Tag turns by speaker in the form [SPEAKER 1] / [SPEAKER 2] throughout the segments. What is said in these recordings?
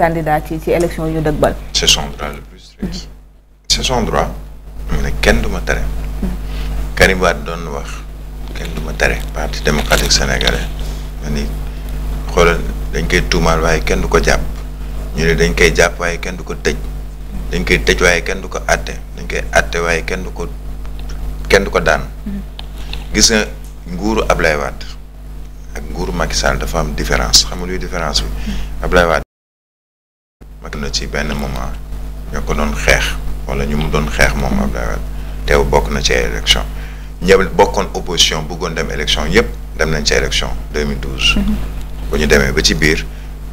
[SPEAKER 1] candidat ci ci élection yu dëgbal.
[SPEAKER 2] c'est son droit le plus mu ne kenn du ma tere. Karim Wade doon wax kenn du ma tere. parti démocratique sénégalais ma ni xoolal dañ koy tuumaal waaye kenn du ko jàpp ñu ne dañ koy jàpp waaye kenn du ko tëj dañ koy tëj waaye kenn du ko àtte dañ koy àtte waaye kenn du ko du ko daan. gis nga nguuru Ablaye Wade ak nguuru Macky dafa am différence xam différence bi Ablaye Wade mag na ci benn moment ñoo ko doon xeex wala ñu mu doon xeex moom Abdoulaye Wade teew bokk na ci élection ñëw bokkoon opposition bëggoon dem élection yëpp dem nañ ci élection 2012. Mhm. bu ñu demee ba ci biir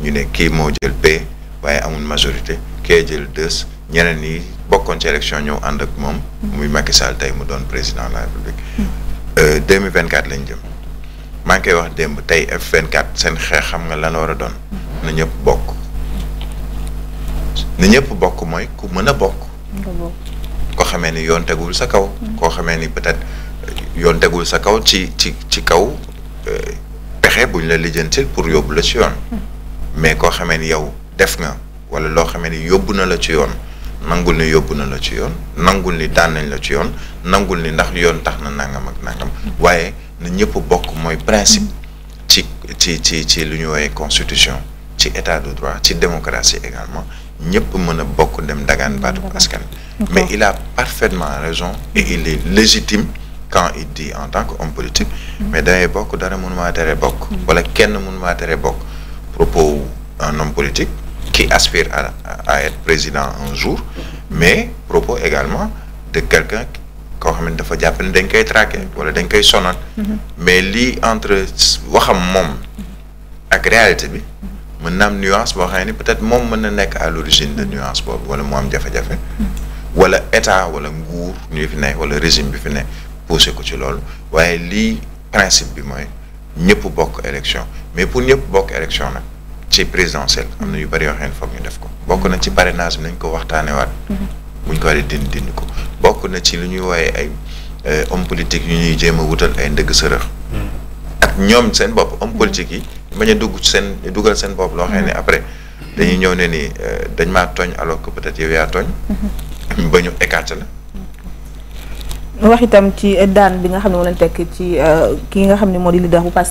[SPEAKER 2] ñu ne kii moo jël P waaye amul majorité kee jël deux ñeneen yi bokkoon ci élection ñëw ànd ak moom. Mhm. muy Macky Sall tey mu doon président de la République. 2024 mhm. euh, lañ jëm. maa ngi koy wax démb tey F24 seen xeex xam nga lan war a doon. na ñëpp bokk. ni ñëpp bokk mooy ku mën a bokk koo xamee ni yoon tegul sa kaw mm-hmm. koo xamee ni peut-être euh, yoon tegul sa kaw ci ci ci kaw euh, pexe buñ la lijjantil pour yóbbu la ci yoon
[SPEAKER 1] mm-hmm.
[SPEAKER 2] mais koo xamee ni yow def nga wala loo xamee ni yóbbu na la ci yoon nangul ni yóbbu na la ci yoon nangul ni daan nañ la ci yoon nangul ni ndax yoon tax na nangam ak nangam mm-hmm. waaye na ñëpp bokk mooy principe ci ci ci ci lu ñu woowee constitution ci état de droit ci démocratie également ñëpp mën a bokk dem dagaan baatu askan mais il a parfaitement raison et il est légitime quand il dit en tant que qu'homme politique mm. mais damay bokk dara mënumaa tere bokk mm. wala kenn mënumaa tere bokk propos wu un homme politique qui aspire à, à être président un jour mais propos également de quelqu'un koo xam ne dafa jàpp ne dañ koy traqué wala dañ koy sonal mm-hmm. mais lii entre waxam moom ak réalité bi mën na am nuance boo xam ne peut-être moom mën na nekk à l'origine de nuance boobu wala mu am jafe-jafe. wala état wala nguur ñu fi ne wala régime bi fi ne posé ko ci loolu waaye lii principe bi mooy ñëpp bokk élection mais pour ñëpp bokk élection nag ci présidentielle am na yu bëri yoo xam ne foog ñu def ko. bokk na ci parrainage bi nañ ko waxtaanee waat. buñ ko waree dindi ko bokk na ci lu ñuy wooyee ay euh, homme politique yu ñuy jéem a wutal ay ndëgg sërëx. ak ñoom seen bopp yi. bañ a dugg seen dugal seen bopp loo xam ne mm-hmm. après dañuy ñëw ne ni euh, dañ maa tooñ alors que peut yow yaa tooñ.
[SPEAKER 1] Mm-hmm.
[SPEAKER 2] ba ñu écarté la.
[SPEAKER 1] wax itam ci daan bi nga xam ne moo leen tekk ci euh, ki nga xam ne moo di leader bu Pastef